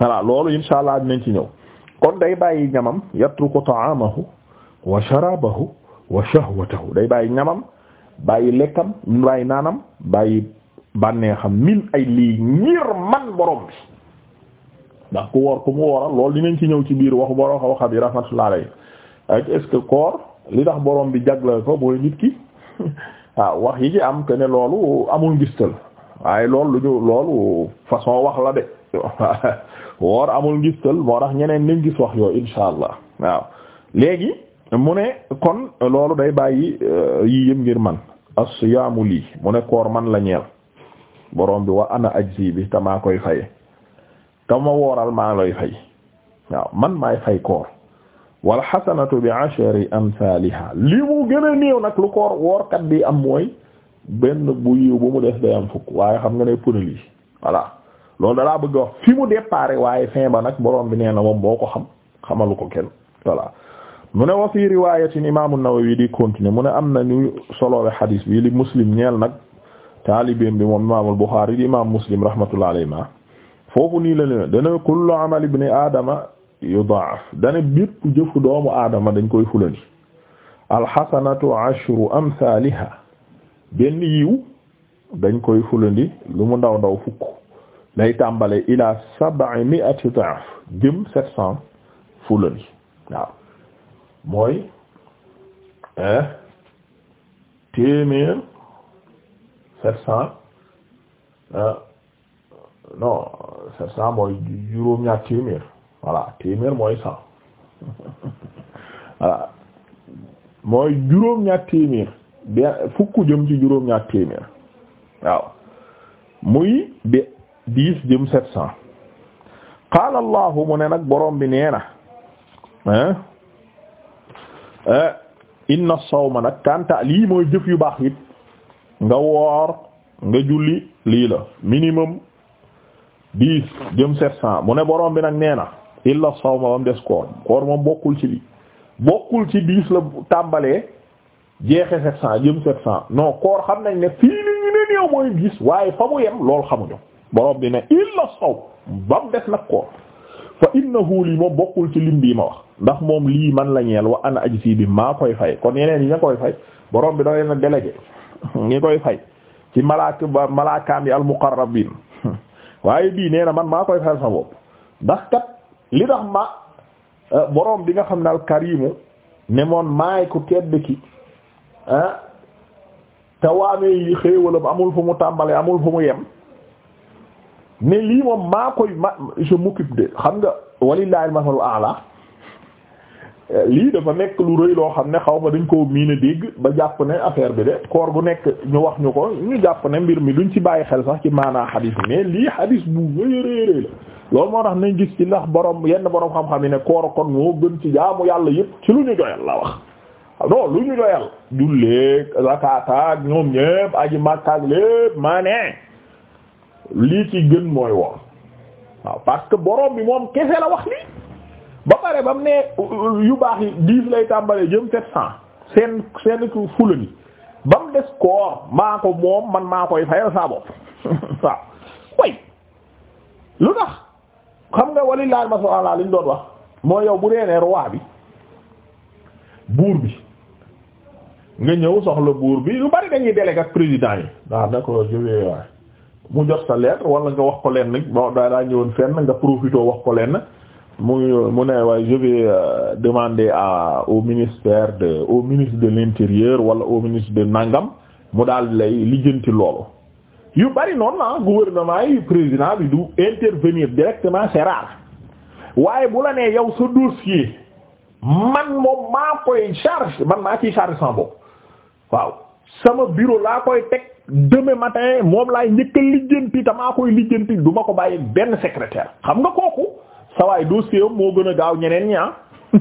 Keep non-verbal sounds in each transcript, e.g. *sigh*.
voilà loolu insha allah dinañ ci ñëw kon day bàyyi ñamam yatruku ta'amahu wa sharabahu wa shahwatahu day bàyyi ñamam bàyyi lekkam bàyyi naanam bàyyi bànneexam min ay lii ngir man borom bi ndax ku woor ku mu wooral loolu dinañ ci ñëw ci biir waxu borom waxam yi rahmatullahi alayhi ak que koor li tax borom bi jagleel ko mooy nit ki waaw *laughs* ah, wax yi ci am que loolu amul ngistal waaye loolu lu ñu loolu façon wax la de *laughs* woor amul ngistal moo tax ñeneen nañ gis wax yooyu insha allah waaw léegi mu ne kon loolu day bàyyi euh, yii yëpp ngir man as-siyaamu lii mu ne koor man la ñeel borom bi wa ana ajzi bi te maa koy faye te ma wooral maa lay fay waaw man maay fay koor wal xasanatu bi ashri amsaaliha li mu gën a néew nag lu koor woorkat bi am mooy benn bu yiw bu mu def day am fukk waaye xam nga ne pënal yi voilà loolu dalaa bëgg wax fi mu départ waaye fin ba nag boroom bi nee na moom boo ko xam xamalu ko kenn voilà mu ne wa fii riwayatin imam an-Nawawi di continuer mu ne am na ñu soloowe hadis bi li muslim ñeel nag taalibeem bi moom imam al-Bukhari di imam muslim rahmatullahi ma foofu nii la ne dana kullu amal ibni aadama yu yudaaf dana bépp jëfu doomu aadama dañ koy fulani alxasanatu ashru amsaaliha benn yiw dañ koy fulandi lu mu ndaw ndaw fukk day tàmbale ila sab'i mi'ati da'f jëm sept cent fula bi waaw mooy eh, téeméer sept cent eh, non sept cent mooy juróom-ñaar téeméer voilà téeméer mooy cent *laughs* voilà mooy juróom-ñaar téeméer fukk jëm ci juróom-ñaar téeméer waaw muy de dix jëm sept cent qaala allahu mu ne nag borom bi nee na ah inna ma nag kanta lii mooy jëf yu baax it nga woor nga julli lii la minimum dix jëm sept cent mu ne borom bi nag nee na illa sow ba mu des koor koor ma bokkul ci bokkul ci dix la tàmbalee jeexe sept cent jëm sept cent non koor xam nañ ne fii li ñu ne néew mooy dix waaye fa mu yem loolu xamuñu borom bi ne illa saw ba mu des nag koor fa innahu lii moom bokkul ci lim bii ma wax ndax moom lii man la ñeel wa ana ajsi bi maa koy fay kon yeneen yi nga koy fay boroom bi da leen ngi *laughs* koy fay ci malaak ba malaakaam yi al *laughs* waaye bii nee na koy fay ndax kat euh, bi nga xam ne al karimu ne moon maay ku tedd ki ah, te waamee yi xéewalam amul fu mu tàmbali amul fu mu yem. ne lii moom maa koy ma je m'occupe de xam nga walillahi al-masalu lii dafa nekk lu rëy loo xam ne xaw ma dañ koo miin a dégg ba jàpp ne affaire bi de koor gu nekk ñu wax ñu ko ñu jàpp ne mbir mi duñ ci bàyyi xel sax ci maanaa xadis bi mais lii xadis bu wéy réeréy la loolu moo tax nañ gis ci ndax borom yenn borom xam-xam yi ne koor kon moo gën ci jaamu yàlla yépp ci lu ñu doyal la wax non lu ñu doyal julleeg zakaataak ñoom ñépp aji màkkaak lépp lii ci gën mooy woor waaw parce que borom bi moom kese la wax lii ba pare ba mu ne yu baax yi dix lay tàmbalee jëm sept cent seen seen fula gi ba mu des koor maa ko moom man maa koy fayal saa bopp *laughs* waaw way lu tax xam nga wali laal ma soxlaa li doon wax moo yow bu dee ne roi bi buur bi nga ñëw soxla buur bi lu bari dañuy délégué ak président yi. waaw ah, d'accord je vais mu jot sa lettre wala nga wax ko lenn bon daa daa ñëwoon fenn nga profité wax ko lenn mu mu ne waaye je vais euh, demander à au ministère de au ministre de l'intérieur wala au ministre de Nangam mu daal lay lijjanti loolu. yu bari noonu ah gouvernement yi président bi du intervenir directement c'est rare waaye bu la nee yow sa dossier man moom maa koy charge man maa ciy charge sama waaw sama bureau laa koy teg. demain matin moom laay njëkk a lijjanti damaa koy lijjanti du ma ko bàyyi benn secrétaire xam nga kooku sa waay dossier moo gën a gaaw ñeneen ñi ah *laughs*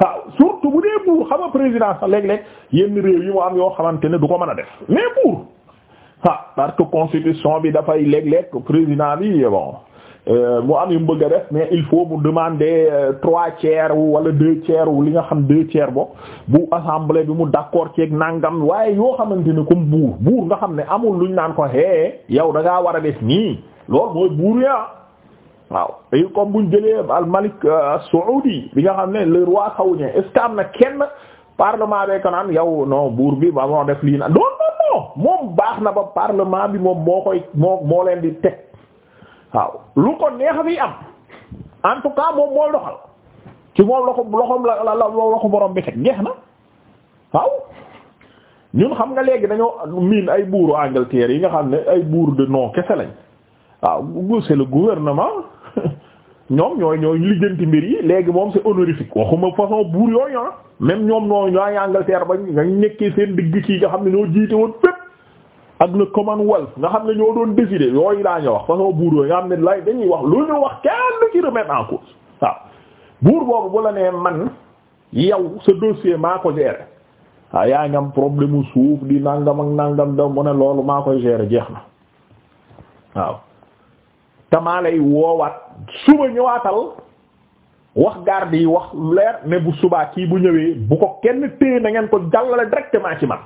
waaw surtout bu dee buur xam nga président sax léeg-léeg yenn réew yi mu am yoo xamante ne du ko mën a def mais buur ah parce que constitution bi dafay léeg-léeg président bi bon. Euh, mu am yu mu bëgg def mais il faut mu demander euh, trois tiers wu wala deux tiers wu li nga xam deux tiers bokk bu assemblée bi mu d'accord ceeg nangam waaye yoo xamante ni comme buur buur nga xam ne amul lu ñu naan ko hee yow da ngaa war a def nii loolu mooy buur yaa waaw et comme buñ jëlee al malik euh, saoudi bi nga xam ne le roi saoudien est-ce na kenn parlement bee ko naan yow non buur bi ba moo def lii na non non moom baax na ba parlement bi moom moo koy moo leen di waaw lu ko a fi am en tout cas moom mooy doxal ci moom loxo loxo borom bi teg jeex na waaw ñun xam nga léegi dañoo miin ay buuru Angleterre yi nga xam ne ay buur de non kese lañ waaw c'est le gouvernement *laughs* ñoom ñooy ñooy lijjanti mbir yi léegi moom si honorifique waxuma façon buur yooyu ah même ñoom ñoo ñooy Angleterre ba nga nekkee seen digg kii nga xam ne ñoo jiite woon fépp ak le Commonwealth nga xam ne ñoo doon décider yooyu laa ñu wax façon buur yooyu nga xam wax lu ñu wax kenn du ci remettre en cause buur boobu bu la nee man yow sa dossier maa ko gérer waaw yaa ngi problème suuf di nangam ak nangam da mu ne loolu maa koy gérer jeex na waaw tamaa lay woowaat suba ñëwaatal wax garde yi wax leer ne bu subaa kii bu ñëwee bu ko kenn téye na ngeen ko jàllale directement ci man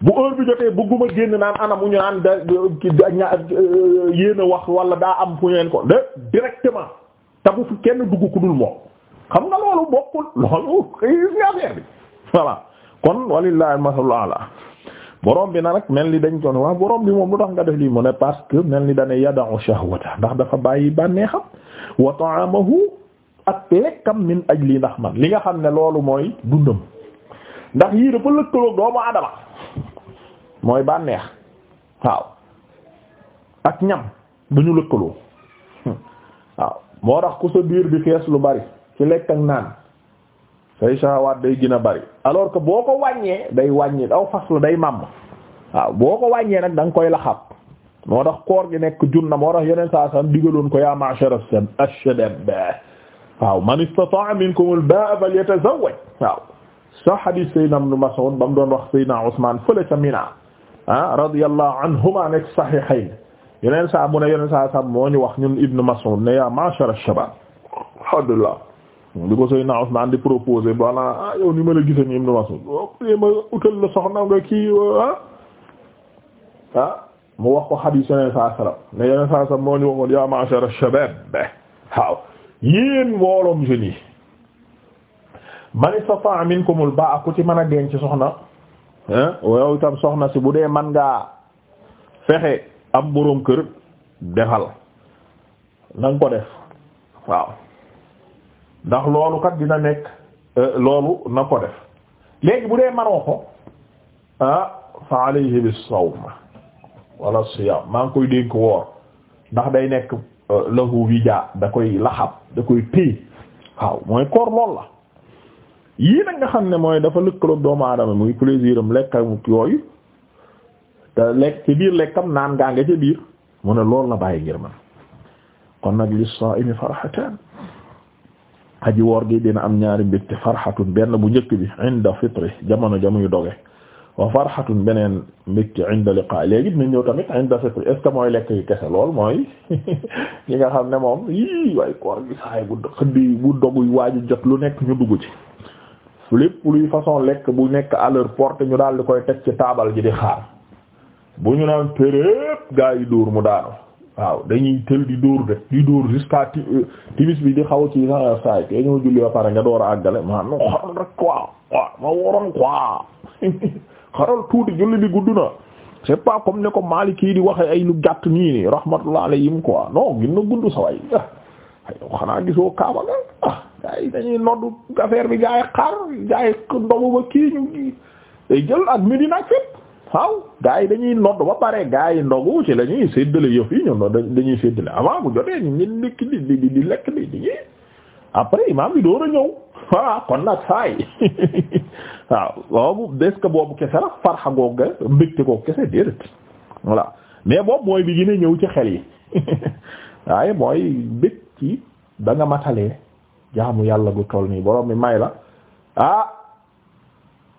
bu heure bi jotee bëgguma génn naan ana mu ñu naan da euh, yéen a wax wala daa am fu ñeen ko de directement te bu kenn dugg ku dul moom xam nga loolu bokkul loolu nga affaire bi voilà kon walillahi masalul ala borom bi na nag mel ni dañ ko wax boroom borom bi moom lu tax nga def lii mu ne parce que mel ni dane yada'u shahwata ndax dafa bàyyi bànneexam wa ta'amahu ak lekkam min ajli ndax man li nga xam ne loolu mooy dundam ndax yii dafa lëkkaloog doomu mooy bànneex waaw ak ñam duñu lëkkaloo waaw moo tax ku sa biir bi fees lu bari ci lekk ak naan say shahawaat day gën a bari alors que boo ko wàññee day wàññi daw fas la day màmm waaw boo ko wàññee nag danga koy laxaab moo tax koor gi nekk junna moo tax yeneen saa san digaloon ko yaa ma'shar ash-shabab waaw man istata'a minkum al-ba'a falyatazawwaj waaw sa hadith sayyidina ibn Mas'ud ba mu doon wax sayyidina Usman fële ca Mina ah radiyallahu anhuma nekk sahihayn yeneen saa mu ne yeneen saa saa moo ñu wax ñun Ibn Mas'ud ne yaa ma'shar ash-shabab alhamdulillah li ko Seydina Usman di proposé bana ah, yow ni ma la gisee ni Ibn Mas'ud oh, ma utal la soxna nga kii ah. Ah, mu wax ko xadiis yeneen saa sallam ne yeneen moo ñu waxoon yaa ma'shar ash-shabab waaw yéen mbooloom jeunes man istata'a minkumul ba'a ku ci mën a denc soxna yow itam soxna si bu dee man ngaa fexe am boroom kër defal na ko def waaw ndax loolu kat dina nekk euh, loolu na ko def léegi bu dee manoo ko ah fa alayhi bis sawm wala siyam maa ngi koy dénk woor ndax day nekk euh, lahu wija da koy laxab da koy téye waaw mooy koor lool la yii nag nga xam ne mooy dafa lëkkaloog doomu aadama muy plaisir am lekk ak yooyu te lekk ci biir lekkam naan ngaa nga ca biir mu ne loolu la bàyyi ngir man kon nag li saa'imi farhatan aji woor gi dina am ñaari mbégte farhatun benn bu njëkk bi inda fitri jamono jamuy doge wa farhatun beneen mbégte inda liqaa léegi dina ñëw tamit inda mooy lekk yi kese lool mooy *laughs* nga xam ne moom yii waaye koor gi saay bu jot lu nekk ñu dugg ci lépp luy façon lekk bu nekk à porte ñu daal di koy teg ci taabal ji di xaar bu ñu naan péréb gaa yi dóor mu daanu waaw dañuy tël di dóor de di dóor jusqu'à euh, timis bi di xaw ci sa saay te ñoo julli ba pare nga door a àggale ma no xaral rek quoi waaw ma waroon quoi *laughs* xaral tuuti julli di gudd na c'est pas comme ne ko Maliki di waxe ay lu gàtt nii nii rahmatullah alayhim quoi non gën gudd sa *laughs* xanaa gisoo kaaba gaa yi dañuy noddu affaire bi gaa yi xaar gaa yi ndogu ba kii ñu gaa yi dañuy noddu ba pare gaa yi ndogu ci la ñuy séddale yëf yi dañuy séddale avant bu jotee ñu ngi nekk di di di lekk di di après imaam door a ñëw voilà kon nag saa yi *laughs* waaw boobu des que boobu kese la farxa googu mbégte googu kese déedéet voilà mais boobu mooy bi gën a ñëw ci xel yi *laughs* waaye mooy mbég ci da nga jaamu yàlla gu toll nii borom mi may la ah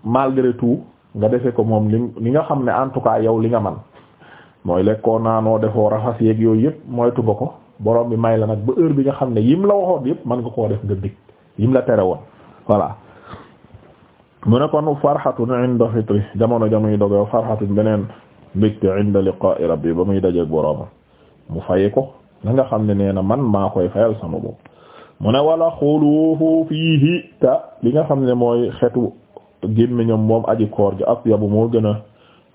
malgré tout nga defe ko moom li nga xam ne en tout cas yow li nga man mooy lekkoon lekkoo naanoo defoo raxas yeeg yooyu yëpp moytu nga ko borom bi may la nag ba heure bi nga xam ne yim la waxoon yëpp mën nga koo def nga dig yim la tere woon voilà mu ne kon farxatun inda fitri jamono jamuy dogo farxatun beneen mbégte inda liqa'i rabbi ba mu faye ko la nga xam ne nee na man maa koy fayal sama bopp mu ne wala xuluuhu fiihi ta li nga xam ne mooy xetu gémmiñam moom aji koor ji atyabu moo gën a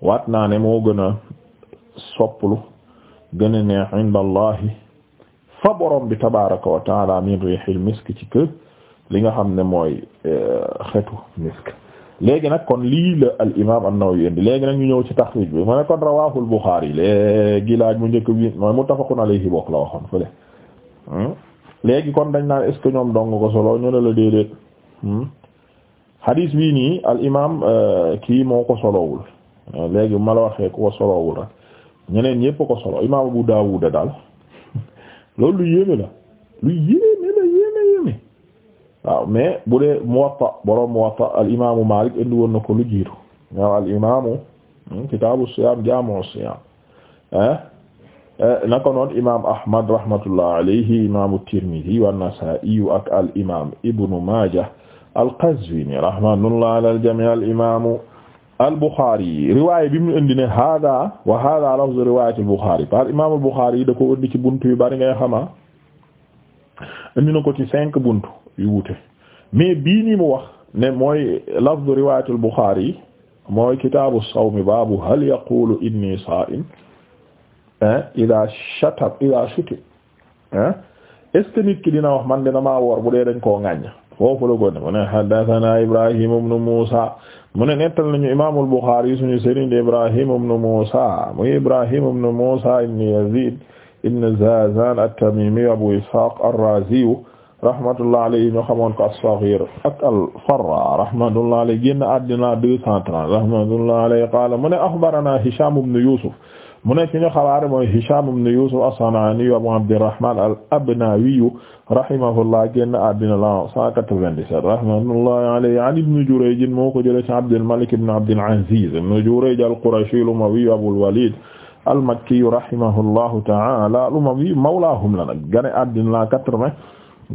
waat naa ne moo gën a sopplu gën a neex inda allahi fa borom bi tabaraka wa taala min rihil misk ci kër li nga xam ne mooy eh, xetu misk léegi nag kon lii la al imam an-Nawawi indi léegi nag ñu ñëw ci taxriij bi mu ne kon rawaahul Buxaari léegi laaj mu njëkk bi mooy muttafaqun alayhi bokk la waxoon le léegi kon dañ naan est ce ñoom dong ko solo ñu ne la déedéet hmm? hadis bii nii al imaam euh, kii moo ko solowul euh, léegi ma la waxee ko solowul rek ñeneen ñépp ko solo imaam Abu Daawuda daal *laughs* loolu lu yéeme la yéeme la yéeme yéeme waaw mais bu dee Muwatta borom Muwatta al imaamu Maalik indi woon na ko lu jiitu waaw al imaamu hmm, kitaabu siyaam jaamu siyaam Eh, naka noon imaam Ahmad rahmatullah alayhi imaamu Tirmidhi wa Nasaa'i ak al imaam Ibnu Maajah al-Qazwini rahmatullah ala al-jamii' al-imaamu al-Bukhari riwaay bi mu indi ne haadaa wa haadaa lafzu riwaayati al-Bukhari par imaamu al-Bukhari da ko indi ci buntu yu bari ngay xama indi na ko ci cinq buntu yu wuute mais bii nii mu wax ne mooy lafzu riwaayati al-Bukhari mooy kitaabu sawmi baabu hal yaqulu inni saa'im ida shatab ida shuti est-ce ki dina wax man de damaa woor bu dee dañ koo foofu la ko ne mu ne haddathana ibrahim ibn musa mu ne nettal nañu imam al-bukhari suñu sëriñ de ibrahim ibn musa muy ibrahim ibn musa ibn yazid ibn zazan at-tamimi abu ishaq ar-razi rahmatullah alayhi ñu xamoon ko as-saghir ak al-farra rahmatullah alayhi génn àddina deux cent trente rahmatullah alayhi qala mu ne akhbarana hisham ibn yusuf mu nekk ñu xabaare mooy Hisham ibn Yusuf as-San'ani Abu Abdurrahman al-Abnawi rahimahullah génn àddina la 197 rahmatullahi alayhi an Ibn Jurayj moo ko jëlee ci Abdul Malik ibn Abdul Aziz ibn Jurayj al-Qurashi al-Umawi Abul Walid al-Makki rahimahullahu ta'ala al-Umawi mawlahum la nag génn àddina la 80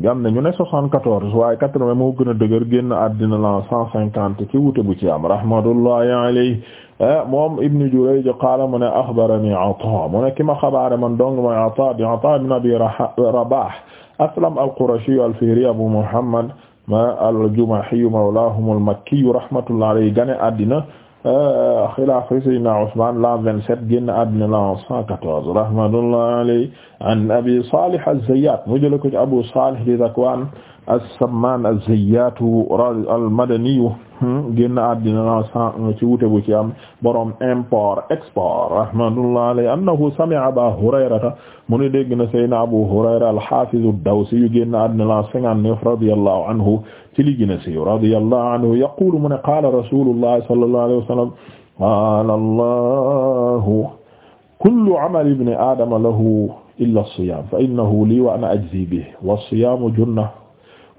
gam ne a ne soixante-quatorze waaye quatre-vingts moo gën a dëgër génn àddina la cent cinquante ci wute bu ci am rahmatullahi alayhi eh, moom ibnu Jurayj qaala mu a axbarani a mu ne ki ma a man a mooy Ataa a Ataa a Abi Rabaah a al a al-Fihri Abu Muhammad ma a jumahi mawlaahum al-Makki rahmatullahi alayhi gane àddina Euh, xilaafa sayyidina Usmaan l'an vingt-sept génn àddina l'an cent quatorze rahmatullahi alayhi an Abi Salih az-Zayyat mu jël ko ci Abu Salih di Zakwaan as-Sammaan az-Zayyaatu al-Madaniyu hmm, génn àddina la cent ci wute bu ci am borom import export rahmatullahi alayhi annahu sami'a Abaa Hurayrata mu ne dégg na Seydina Abu Hurayra al-Haafiz ad-Dawsi yu génn àddina la cinquante-neuf radiyallahu anhu ci li gën a siiw radiyallahu anhu yaqulu mu ne qaala rasuulullahi sallallahu alayhi wa sallam qaala Allahu kullu 'amali ibni aadama lahu illa as-siyaam fa innahu lii wa ana ajzii bihi was-siyaamu junna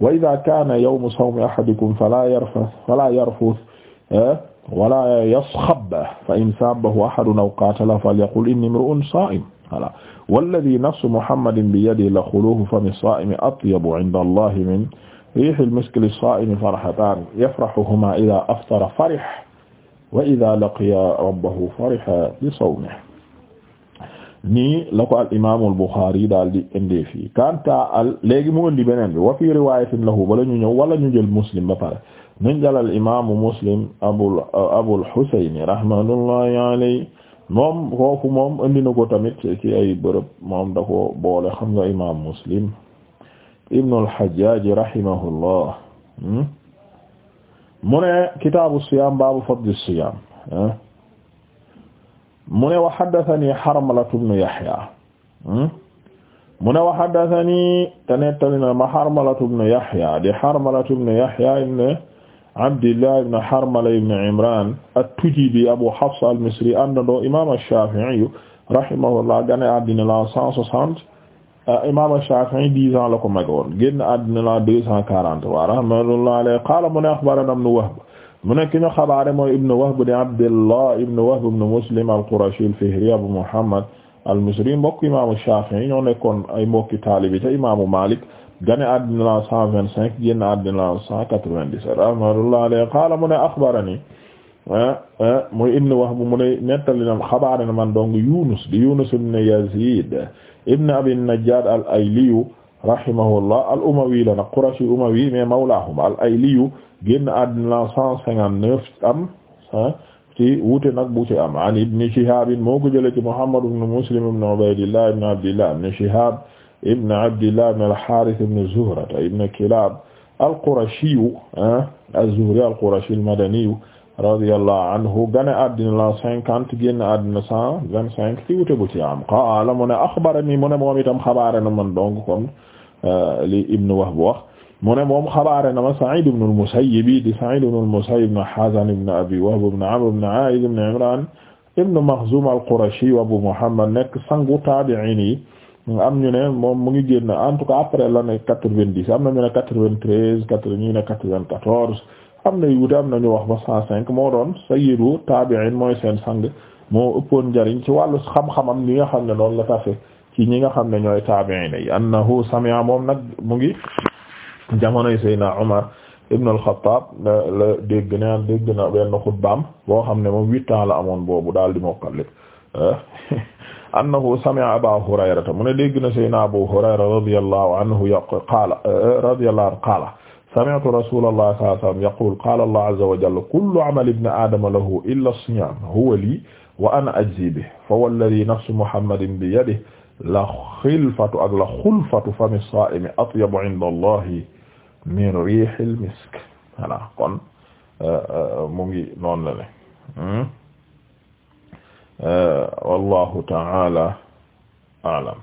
wa idha kana yawmu sawmi ahadikum fala yarfas fala yarfus eh, wala yasxab fa in sabahu ahadun aw qatala falyaqul inni imru'un sa'im voilà walladhi nafsu muhammadin biyadihi la khulufu fami as-sa'imi atyabu 'inda allahi min rihi al-misk lis-sa'imi farhatan yafrahuhuma idha aftara farih wa idha laqiya rabbahu fariha bi sawmihi nii la ko al imaamul daal di indee fii kanta al léegi mu indi beneen bi wa fii riwaayatin lahu bala ñu ñëw wala ñu jël muslim ba pare nañ jël al imaamu muslim abul abul Husayni rahmatullahi alayhi moom ko tamit ci ay bërëb moom da boole xam nga imaam muslim ibnu al Hajjaaj rahimahullah hmm? mu ne kitaabu siyaam baabu fadli siyaam ah. mu ne wa haddathani Harmalatu ibn Yahya hmm? mu ne wa haddathani te nettali na ma Harmalatu ibn Yahya di Harmalatu ibn Yahya ibn Abdillah ibn Harmala ibn Imran at-Tujibi Abu Hafs al-Misri àndandoo imaam ash-Shafi'i rahimahullah gane àddina la 160 euh, imaam ash-Shafi'i 10 ans la ko magoon génn àddina la 243 rahimahullah alayhi qaala mu ne akhbarana ibn Wahb mu nekk ñu xabaare mooy ibnu wahb di abdillah ibnu wahb ibnu muslim al-qurashi al-fihri abu muhammad al-misri mbokk imaamu shafi'i ñoo nekkoon ay mbokki taalibi ca imaamu malik gane àddina la 125 génn àddina la 197 rahmatullah alayhi qaala mu ne axbarani ah, ah, muy ibnu wahb mu ne nettali na xabaare na man dong yunus di yunus ibnu yazid ibnu abi najjad al-ayliyu rahimahullah al umawi la nag qurashi umawi mais mawlaahum al ayliyu génn àddina cent cinquante neuf am ci wuute nag bu ci am an ibni Shihab moo ko jëlee ci Muhammad ibn Muslim ibn Ubaydillah ibn Abdillah ibn Shihab ibn Abdillah ibn al-Harith ibn Zuhra ibn Kilab al-Qurashi az-Zuhri al-Qurashi al-Madani radiyallahu anhu gane àddina la cinquante génn àddina cent vingt cinq ci wuute bu ci am qaala mu ne axbarani mu ne moom itam xabaare na man donc comme li Ibn Wahb wax mu ne moom xabaare na ma Sa'id ibn al-Musayyib di Sa'id ibn al-Musayyib ibn Hazan ibn Abi Wahb ibn Amr ibn A'id ibn Imran ibn Makhzum al-Qurashi wa Abu Muhammad nekk sangu taabi'iin yi am ñu ne moom mu ngi génn en tout cas après l'année quatre-vingt-dix am na ne quatre-vingt-treize quatre ñu quatorze am na yu wute am na ñu wax ba cent cinq moo doon sayyidu taabi'iin mooy seen sang moo ëppoon njariñ ci wàllu xam-xamam li nga xam ne noonu la tafe ci ñi nga xam ne ñooy taabi'in yi annahu sami'a moom nag mu ngi jamonoy Seydina Umar ibn al-Khattab la dégg na dégg na benn xutbaam boo xam ne moom huit ans la amoon boobu daal di mokkal lépp *laughs* annahu sami'a Aba Hurayrata mu ne dégg na Seydina Abu Hurayra radiyallahu anhu yaqul qaala radiyallahu anhu qaala sami'tu rasulallah sallallahu alayhi wa sallam yaqul qaala Allah azza wa jalla kullu 'amali ibni aadama lahu illa as-siyaam huwa lii wa ana ajzii bihi fa wallazii nafsu Muhammadin biyadihi la ak la xulfatu fami saa'imi atyabu inda allahi min riihil misk voilà kon euh, euh, mu ngi noonu la ne hmm? euh, wallahu ta'ala a'lam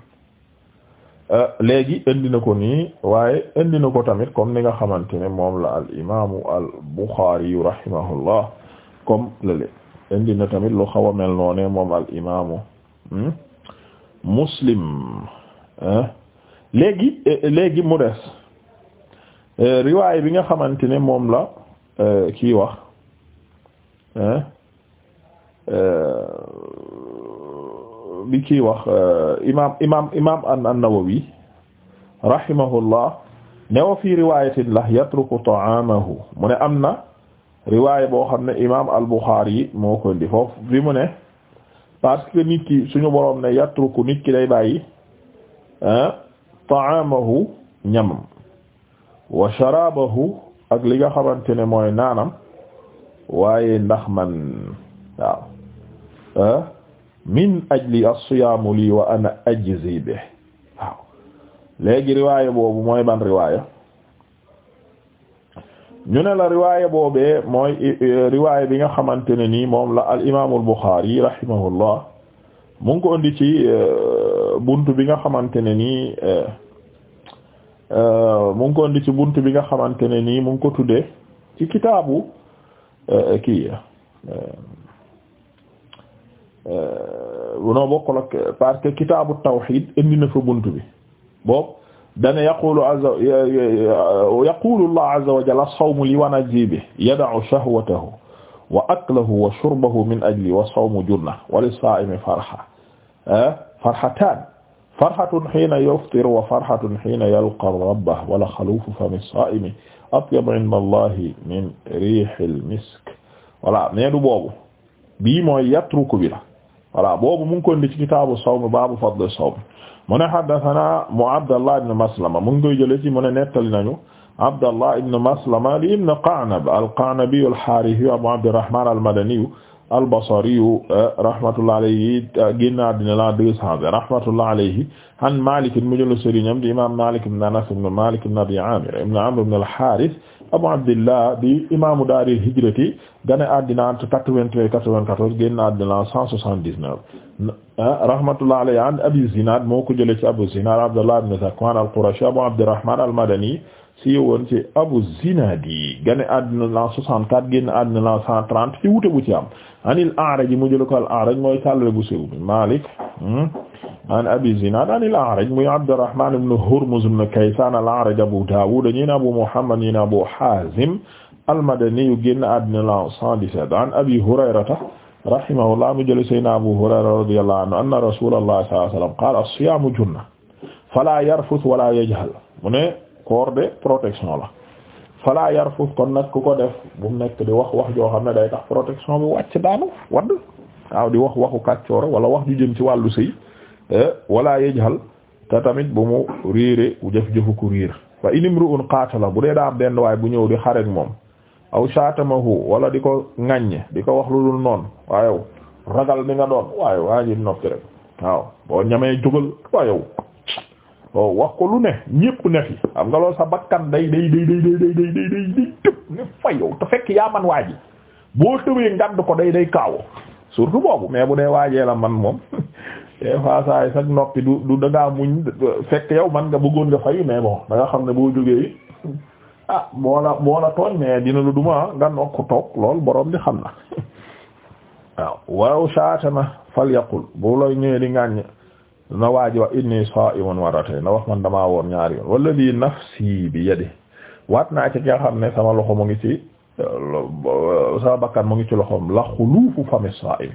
léegi indi na ko nii waaye indi na ko tamit comme ni nga xamante ne moom la al imaamu al Buxaari rahimahullah comme lale indi na tamit lu xaw a mel noonu al imaamu hmm? muslim euh, léegi mu des euh, riwaay bi nga xamante ne moom la euh, kii wax bi kii wax imaam imaam imaam an-Nawawi rahimahullah ne wa fii riwaayatin la yatruku ta'amahu mu ne am na riwaay boo xam ne imaam al-Bukhari moo ko indi foofu bi mu ne parce que nit ki suñu boroom ne yatruku nit ki day bàyyi ah, ta'amahu ñamam wa sharabahu ak li nga xamante ne mooy naanam waaye ndax man waaw ah, min ajli as-siyaamu lii wa ana ajzi bih waaw léegi riwaaya boobu mooy ban riwaaya ñu ne la riwaaya boobee mooy riwaaya bi nga xamante ne nii moom la al imaamul Buxaari rahimahullah mu ngi ko indi ci e, bunt bi nga xamante ne nii e, e, mu ngi ko ci buntu bi nga xamante ne nii mu ngi ko tuddee ci kitaabu kii noo bokkul ak parce que kitaabu tawxiid indi na fa bunt bi boobu. dana yaqulu azza yaqulu allah azza wa jalla as-sawmu li wa najzi bihi yada'u shahwatahu wa aklahu wa shurbahu min ajli wa sawmu junna wa lis-saa'imi farha eh? farhatan farhatun hiina yuftiru wa farhatun hiina yalqa rabbahu wala khaluufu fami as-saa'imi atyabu 'inda allahi min riihil misk voilà nee du boobu bii mooy yatruku bi la voilà boobu mu ngi ko indi ci kitaabu sawm baabu fadli sawm mu ne haddathana mu Abdallah ibn Maslama mu ngi koy jëlee ci mu ne nettali nañu Abdallah ibn Maslama li ibn Qa'nab al-Qa'nabi al-Harithi Abu Abdirrahman al-Madani al-Basri rahmatullah alayhi génnaa dina la deux cent vingt rahmatullah alayhi an Malik mu jëlu sëriñam di imam Malik ibn Anas ibn Malik ibn Abi Amir ibn Amr ibn al-Harith Abu Abdillah di imaamu daaril hijrati gane àddina entre quatre-vingt-treize quatre-vingt-quatorze génn àddina cent soixante-dix-neuf ah, rahmatullah alayhi an Abi Zinad moo ko jëlee ci Abu Zinad Abdullah ibn Zakwan al-Qurashi Abu Abdurrahman al-Madani si woon ci Abu Zinadi gane àddina la 64 génn àddina la 130 ci wute bu ci am anil A'raj mu jël ko al A'raj mooy tàllale bu siw bi Malik hmm? an Abi Zinad anil A'raj muy Abdurrahman ibn Hurmuz ibn Kaysan al A'raj Abu Dawud ñi na Abu Muhammad ñi na Abu Hazim al-Madani yu génn àddina la 117 an Abi Hurayrata rahimahullah mu jël Seydina Abu Hurayra radiyallahu anhu anna Rasulullah sallallahu alayhi wa sallam qala as-siyamu junna fala yarfuth wala yajhal mu ne corps de protection la fala yarfus kon nag ku ko def bu mu nekk di wax wax joo xam ne day tax protection bi wàcc daanu wadd waaw di wax waxu kàccoor wala wax ju jëm ci wàllu sëy eh, wala yajhal te tamit bu mu réere jëf jëfu ku riir fa inimru'un qatala bu dee daa am benn waay bu ñëw di xareek moom aw shatamahu wala di ko ŋàññe di ko wax lu dul noonu waayow ragal doon waaye waa ji noppi rek waaw boo ñamee jógal waayow Oh, wax ko lu ne ñépp ne fi xam nga lool sa bakkan day day day day day day day day tëb ne fayow te fekk yaa man waa ji boo tëwee ngand ko day day kaawo surtout boobu mais bu dee waajee la man moom *laughs* des fois saa yi sax noppi du du da ngaa muñ fekk yow man nga bëggoon nga fayu mais boo da nga xam ne boo jógee *laughs* ah moo la moo la tooñ mais dina lu duma ah, nga nokk toog lool boroom di xam na *laughs* waaw waaw saata na fal yaqul bu lay ñëwee di ngàññ na waaji wax inni sa'imun marratayn na wax man damaa woor ñaari yoon walladhi nafsi bi yadihi waat naa ci nga xam ne sama loxo mu ngi ci euh, sama bakkan mu ngi ci loxoom la xuluufu fami sa'im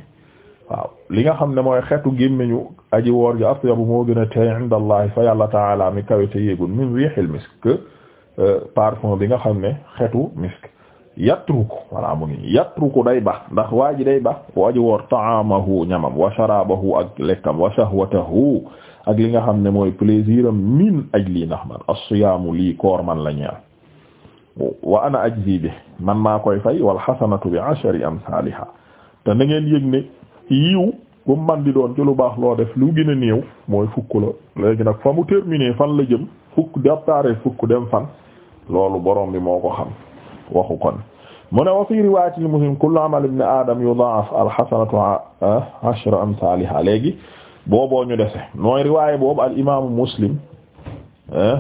waaw li nga xam ne mooy xetu gémmiñu aji woor ji atyabu moo gën a teey inda allah fa yàlla taala mi kawe te yéegul min riihil misk euh, parfum bi nga xam ne xetu misk yatruku walla mu yatruku day bax ndax waa ji day bax waa ji woor taamahu ñamam wa sharabahu ak lekkam wa shahwatahu ak li nga xam ne mooy plaisir am min ajli ndax man as-siyaamu lii koor man la ñeel wa ana ajzi bi man maa koy fay wal xasanatu bi ashari amsaaliha te na ngeen yëg yiw bu man di doon ci lu baax loo def lu gën a néew mooy fukk la léegi nag fa mu fan la jëm fukk daptaare fukk dem fan loolu borom bi moo ko xam waxu kon mu ne wa fi riwaayatil muslim kullu amal ibn adam yudha'af alxasanatu ashra amsaaliha léegi booboo ñu dese mooy riwaay boobu al imaamu muslim eh,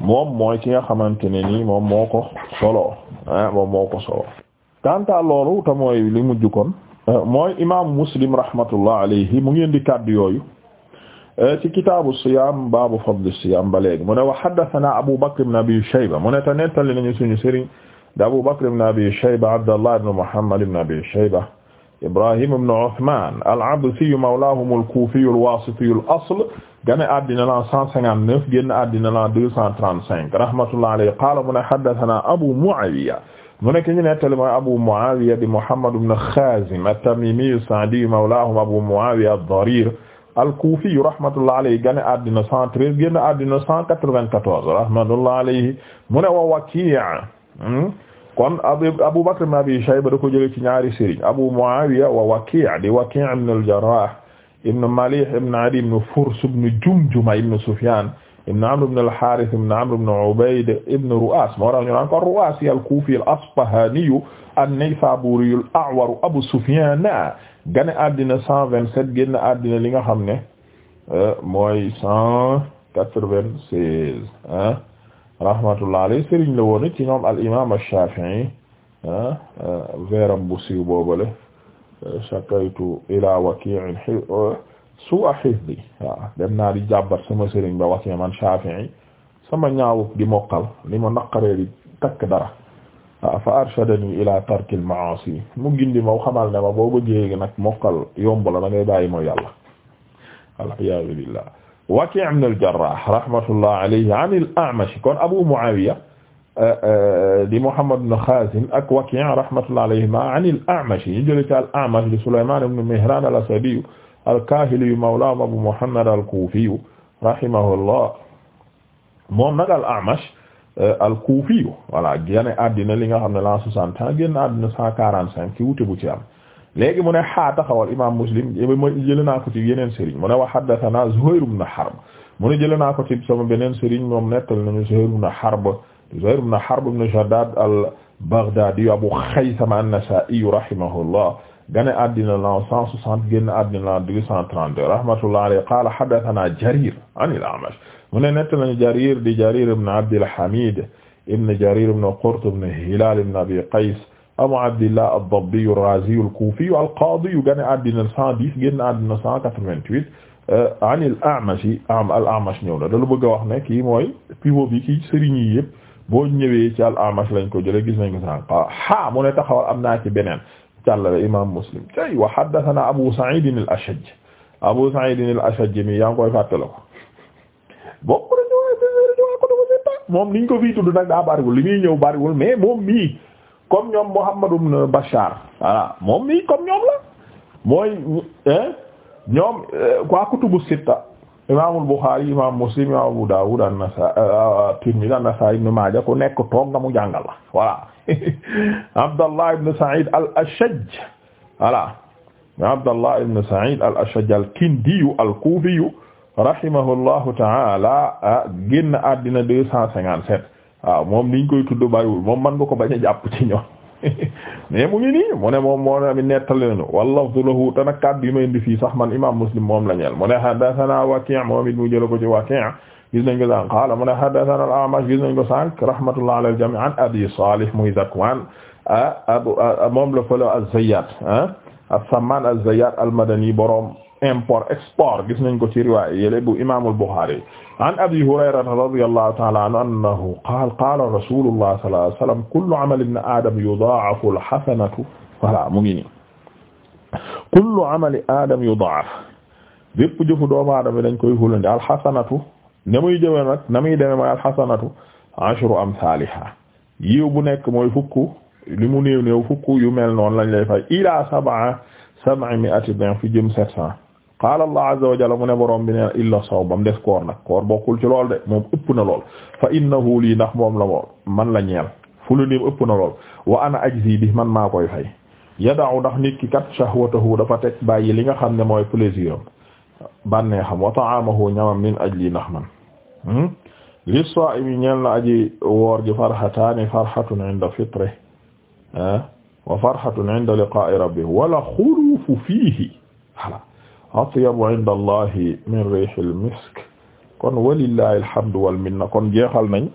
moom mooy ki nga xamante ne moom moo ko solo eh, moo ko solo kanta loolu te mooy li mujj kon eh, mooy imaamu muslim rahmatullah alayhi mu ngeen di kàddu yooyu ci kitaabu siyaam baabu fadli siyaam ba léegi mu ne wa haddathana abu bakr ibn abi shayba mu ne te nettali nañu da Abu Bakr ibn Abi Shayba Abdallah ibn Muhammad ibn Abi Shayba Ibrahim ibn Uthman al-Absi mawlahum al-Kufi al-Wasiti al-asl gane addina la 159 génn addina la 235 rahmatullahi alayhi qala mu ne haddathana Abu Mu'awiya mu nekk ñu nettali mooy Abu Mu'awiya di Muhammad ibn Khazim at-Tamimi as-Sa'di mawlahum Abu Mu'awiya ad-Darir al-Kufi rahmatullahi alayhi gane addina 113 génn addina 194 rahmatullahi alayhi mu ne wa Waki' Hmm? kon Abu Bakr ibn Abi Shayba da ko ci ñaari sëriñ Abu Muawiya wa Waki' di Waki' ibn al-Jarrah Malih ibn Adi ibn Furs ibn Jumjuma ibn Sufyan ibn Amr ibn al-Harith ibn Amr ibn Ubayd ibn Ru'as moo tax ñu naan ko ar-Ru'asi al-Kufi al-Asbahani al-A'war Abu Sufyan gane àddina 127 génn àddina li nga xam ne euh, mooy 196 ah. rahmatullah alayhi sëriñ la woon ci ñoom al imam ash-Shafi'i ah, ah, veeram bu siiw boobale ah, shakaytu ila waki'in su'a hifdi dem naa di jàbbat sama ba waki man Shafi'i sama di mokkal li ma takk dara fa arshadani ila tarkil ma'asi mu gindi ma xamal ne ma mooy yàlla aliyaazu billah Waki' ibn al-Jarrah rahmatullah alayhi an al-A'mash kon Abu Muawiya euh, euh, di Muhammad ibn Khazim ak Waki' rahmatullah alayhima an al-A'mash ñu jëlee ci al-A'mash di Sulayman ibn Mihran al-Asadi al-Kahili mawlahum Abu Muhammad al-Kufi rahimahullah moom nag al-A'mash euh, al-Kufi voilà génn àddina li nga xam ne l'an soixante ans génn àddina cent quarante cinq ci wuute bu ci am léegi mu ne xaa taxawal imaam muslim jële naa ko ci yeneen sëriñ mu ne wa haddathana Zuhayr ibn Harb mu ne jële naa ko ci sama beneen sëriñ moom nettal nañu Zuhayr ibn Harb Zuhayr ibn Harb ibn Shaddad al-Baghdadi Abu Khaythama an-Nasa'i rahimahullah gane addina la 160 génn addina la 232 rahmatullahi alayhi qala haddathana Jarir an al-A'mash mu ne nettal nañu Jarir di Jarir ibn Abd al-Hamid ibn Jarir ibn Qurt ibn Hilal ibn Abi Qays Abu Abdillah ad-Dabbi ar-Razi al-Kufi al-Qadi gane àddina 110 génn àddina 188 euh, an al-A'mash am al-A'mash ñëw na da la bëgg a wax ne kii mooy pivot bi ci sëriñ yi yëpp boo ñëwee ci al-A'mash lañ ko jëlee gis nañ ko sànq ha mu ne taxawal am naa ci beneen càllale imam Muslim tay wa haddathana Abu Sa'id al-Ashaj Abu Sa'id al-Ashaj mi yaa ngi koy ko bokk na ci moom niñ ko fii nag daa bariwul li muy ñëw bariwul mais moom mii comme ñoom Muhammad ibn Bashar voilà moom mii comme ñoom la mooy ñoom quoi euh, kutubu sitta imaamul Bukhari imaam Muslim imaam Abu Dawud an-Nasa'i euh, Tirmidhi an-Nasa'i ibn Maaja ku nekk toog nga mu jàngal la voilà *laughs* Abdallah ibn Sa'id al-Ashaj voilà Abdallah ibn Sa'id al-Ashaj al-Kindiyu al-Kufiyu rahimahullahu ta'ala ah, génn àddina deux cent cinquante-sept waaw moom niñ koy tudd bariwul moom man nga ko bañ a jàpp ci ñoom *laughs* mais mu ngi nii mu moom moo nami nettali nañu wallafdu lahu te nag kàddu yi fii sax man imam muslim moom la ñeel mu ne hadathana waqi' moom it mu jëla ko ci waqi' gis nañ ko sànq qaala mu ne hadathana al-A'mash gis nañ ko sànq rahmatullah ala al-jami' an a moom la fëla az-Zayyat ah as-Samman az al-Madani borom import export gis nañ ko ci riwaay yële bu imaamul Buxaari an Abi Hurayrata radiyallahu ta'ala anhu annahu qaala qaala rasuulullah sallallahu alayhi wa sallam kullu al-hasanatu voilà mu ngi nii kullu amali aadama yudaaf dañ koy hulandi al-hasanatu na muy jëwee nag mooy al-hasanatu ashru amsaaliha yiw bu nekk mooy fukk li mu yu mel noonu lañ lay fay ila sab'a sab'i fi jëm sept qaala allah azza wa jalla mu ne borom bi nee illa saw bam def koor nag koor bokkul ci lool de moom ëpp na lool fa innahu lii ndax moom la moom man la ñeel fu lu nim ëpp na lool wa ana ajzi bi man maa koy fay yada'u ndax nit ki kat shahwatahu dafa teg bàyyi li nga xam ne mooy plaisir am bannee xam wa ta'amahu ñamam min ajli ndax man hmm? li saa'imi ñeel na aji woor gi farxataani farxatun inda fitre wa farxatun inda liqaa'i rabbi wala xulufu fiihi ala atyabu inda allahi min rihil misk kon walillahi alhamdu wal minna kon jeexal nañ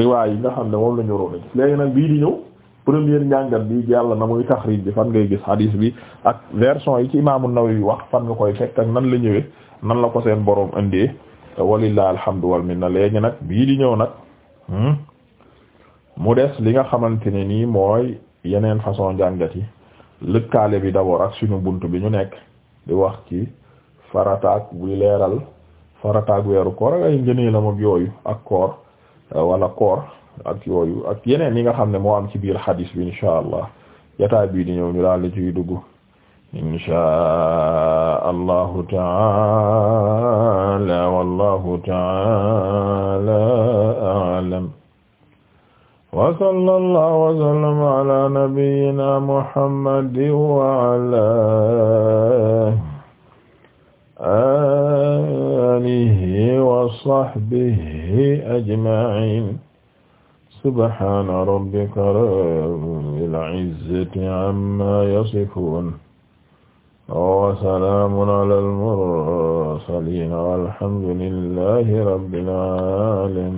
riwaay yi nga xam ne moom la ñu waroon a gis léegi nag bii di ñëw première njàngat bi jàll na muy taxrij bi fan ngay gis hadis bi ak version yi ci imaamu Nawawi wax fan nga koy fekk ak nan la ñëwee nan la ko seen boroom indee walillahi alhamdu wal minna léegi nag bii di ñëw nag hmm, mu des li nga xamante ne nii mooy yeneen façon njàngat yi lëkkaale bi d'abord ak suñu bunt bi ñu nekk. di wax ci farataak buy leeral farataak weeru koor ak ay ngëneelam yooyu ak koor euh, wala koor ak yooyu yeneen yi nga xam ne moo am ci biir hadis bi insha allah jotaay bii di ñëw ñu daal di ciy wasala allah wasallam ala nabiyina mohammadi waala alihi wasahbihi ajmain subhana rabbika rabbil izzati amma yasifun wasalaamun ala almursalin walhamdulillahi rabbil alamin